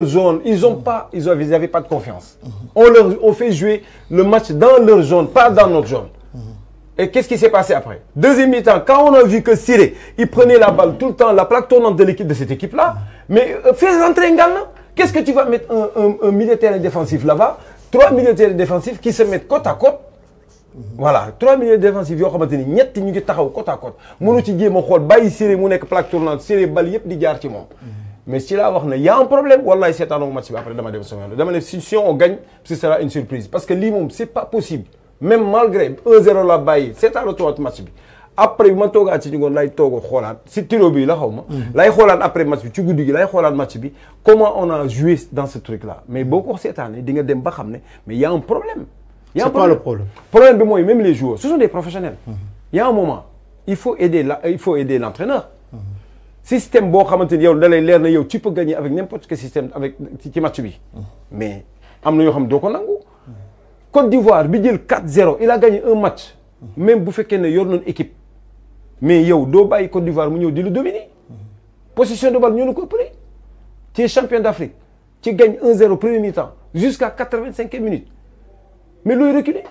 ils ont pas, ils n'avaient pas de confiance. On leur on fait jouer le match dans leur zone, pas dans notre zone. Et qu'est-ce qui s'est passé après Deuxième mi-temps, quand on a vu que Siré, il prenait la balle tout le temps, la plaque tournante de l'équipe de cette équipe-là, mais euh, fais entrer Ngana. Qu'est-ce que tu vas mettre un, militaire défensif là-bas Trois militaires défensifs qui se mettent côte à côte. voilà trois milieux défensifs ont dit, ils côte à côte plaque tournante di mais si là wax il y' a un problème wallaay seetaanoo match bi après dama dem sama dama si on gagne ce sera une surprise parce que lii moom c' pas possible même malgré 1-0 la bàyyi seetaanoo tuwaat match bi. après bi ma toogaat ci ñu lay toog xoolaat si tiro bi la xaw ma. Mm-hmm. lay xoolaat après match bi ci guddi gi lay xoolaat match bi comment on a joué dans ce truc là mais beaucoup, cette année di nga dem ba mais y' a un problème. y' a un problème c'est pas le problème. problème de moi même les joueurs ce sont des professionnels. il mm-hmm. y' a un moment il faut aider la il faut aider l'entraîneur système bo xamante yow dalay yow tu peux gagner avec n'importe quel système avec ci match bi mais amna yo xam do ko nangu Côte d'Ivoire bi 4-0 il a gagné un match même bu il n'y yor pas équipe mais yow do bàyyi Côte d'Ivoire mu a di lu dominer possession de balle nous ñu ko tu es champion d'Afrique ci gagne 1-0 premier mi-temps jusqu'à 85e minute mais lui reculer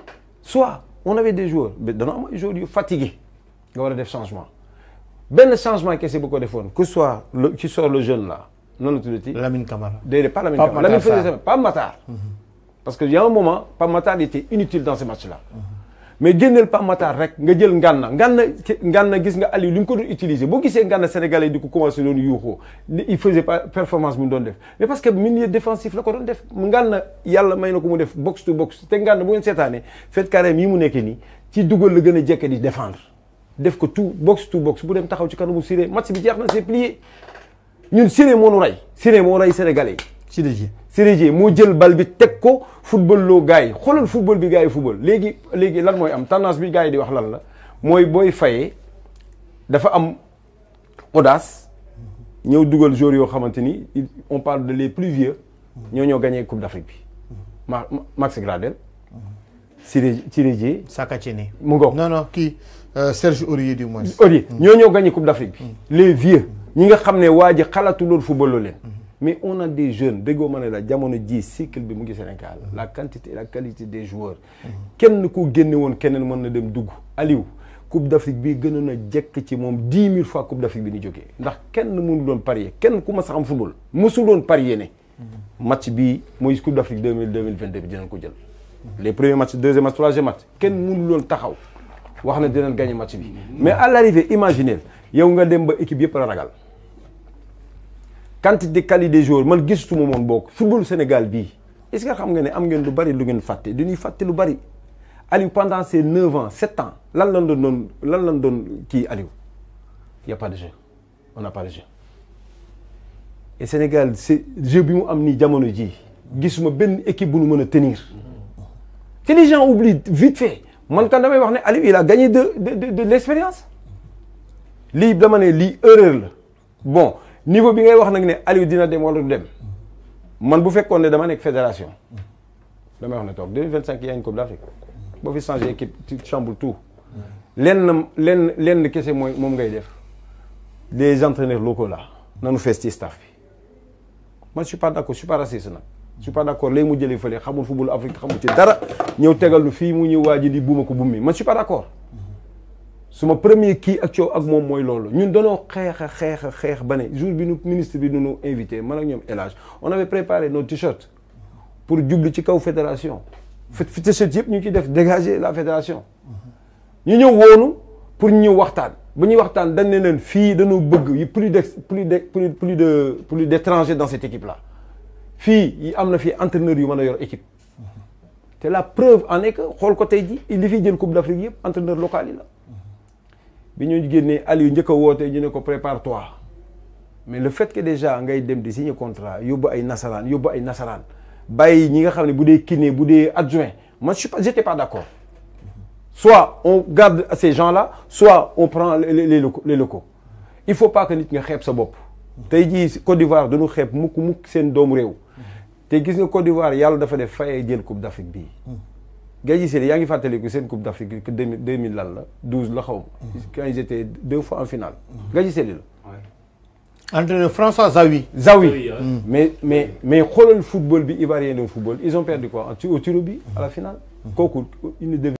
soit on avait des joueurs mais normalement am ay joueurs il fatigués nga y a def changement benn changement kese bu ko defoon que soit le qui soit le jeune là non la tuddati. Lamine Camara déedéet pas Lamine Camara Lamine faisait ça Pape Matar. Mhm. parce que y' a un moment pas Matar était inutile dans ces matchs là. Mhm. mais génneel pas Matar rek nga jël Ngana Ngana Ngana gis nga Ali li ko doon utiliser boo gisee Ngana sénégalais di ko commencé doon yuuxoo il faisait pas performance mu def mais parce que milieu défensif la ko doon def Ngana yalla may na ko mu def box to box té Ngana bu ngeen sétané fait carré mi mu nekk ni ci dougal le gën a di défendre def ko tout box tout box bu dem taxaw ci kanamu Siré match bi jeex na c'est plié ñun Siré mo nu Siré mo vous Sénégalais Siré Siré jël bal bi football lo football bi football am tendance bi di wax lan la dafa am audace on parle de les plus vieux ñoo ñoo gagné coupe d'Afrique bi Max Gradel. Mm-hmm. Siré Siré non non euh, Serge Aurier du moins. Aurier mm. ñoo ñoo gagné Coupe d'Afrique bi. Mm. les vieux ñi nga xam ne waa ji xalaatu loolu football leen. Mm. mais on a des jeunes déggoo ma ne la jamono ji cycle bi mu ngi Sénégal la quantité et la qualité des joueurs. kenn ku génne woon keneen mën na dem dugg Aliou. coupe d'Afrique bi gënoon a jekk ci moom dix mille fois coupe d'Afrique bi ni jógee ndax kenn mënu doon parier kenn ku ma sax am football mosul doon parier ne match bi mooy coupe d'Afrique 2022, mille bi ko jël les premiers matchs deuxième match troisième match kenn mënu doon taxaw wax na dinañ gagné match bi mais à l'arrivée imaginez yow nga dem ba équipe yëpp la ragal quantité qualité des joueurs man gisatuma moon bok football Sénégal bi est-ce que xam nga né am ngeen lu bari lu ngeen fàtte dañuy faté lu bari Aliou pendant ces 9 ans 7 ans lan lan don lan lan don ki Aliou y a pas de jeu on n'a pas de jeu et Sénégal c'est jeu bi mu am ni jamono ji gisuma ben équipe bu nu meuna tenir te les gens oublient vite fait man kan damay wax ne Aliou il a gagné de de de, de l' expérience dama ne li erreur la bon niveau bi ngay wax nak ne Aliou dina dem wala du dem man bu fekkone ne dama nekk fédération dama wax ne toog 2025 a une Coupe d'afrique bo fi changer équipe tu chambre tout lenn lenn lenn kessé moy mom ngay def les entraîneurs locaux là nanu fees ci staff bi je suis pas d'accord. je suis pas raciste je suis pas d'accord. lay mu jëlee feulé xamul football Afrique xamul ci dara ñëw tegal lu fii mu ñu waji di buuma ko bummi man je suis pas d'accord suma premier kii ak coow ak mom moy lolu ñun dañu xeex a xeex bané jour bi ñu ministre bi nu nu invité man ak ñoom élage on avait préparé nos t-shirts pour jublu ci kaw fédération t-shirt yëpp ñu ci def dégager la fédération ñu ñëw woonu pour ñu waxtaan bu ñuy waxtaan dañ ne leen fii dañu bëgg plus de plus de plus de plus d'étrangers dans cette équipe là fi yi am na fii yu mëna yor équipe c'est la preuve en est que xool ko tey ji li fiy jël coupe d'Afrique yëpp entraîneur local yi la. bi ñu génnee Aliou njëkk a woote ñu ne ko prépare-toi mais le fait que déjà ngay dem di signer contrat yóbbu ay nasaraan yóbbu ay nasaraan bàyyi ñi nga xam ne bu dee kiné bu adjoint man je suis pas j'étais pas d'accord soit on garde ces gens-là soit on prend les locaux il faut pas que nit nga xeeb sa bopp. tey jii Côte d'Ivoire dañu xeeb mukk mukk seen doomu réew te gis nga Côte d'Ivoire yàlla dafa def fayee jël Coupe d'Afrique bii. Gaye Gisele yaa ngi fàttaliku seen Coupe d'Afrique que deux mille lan la douze la xaw ma. quand ils deux fois en finale. Gaye Gisele la. le François Zawi. Zawi mm. mais mais mais xoolal football bi ivoirien de football ils ont perdu quoi au tiro bi à la finale. kooku il ne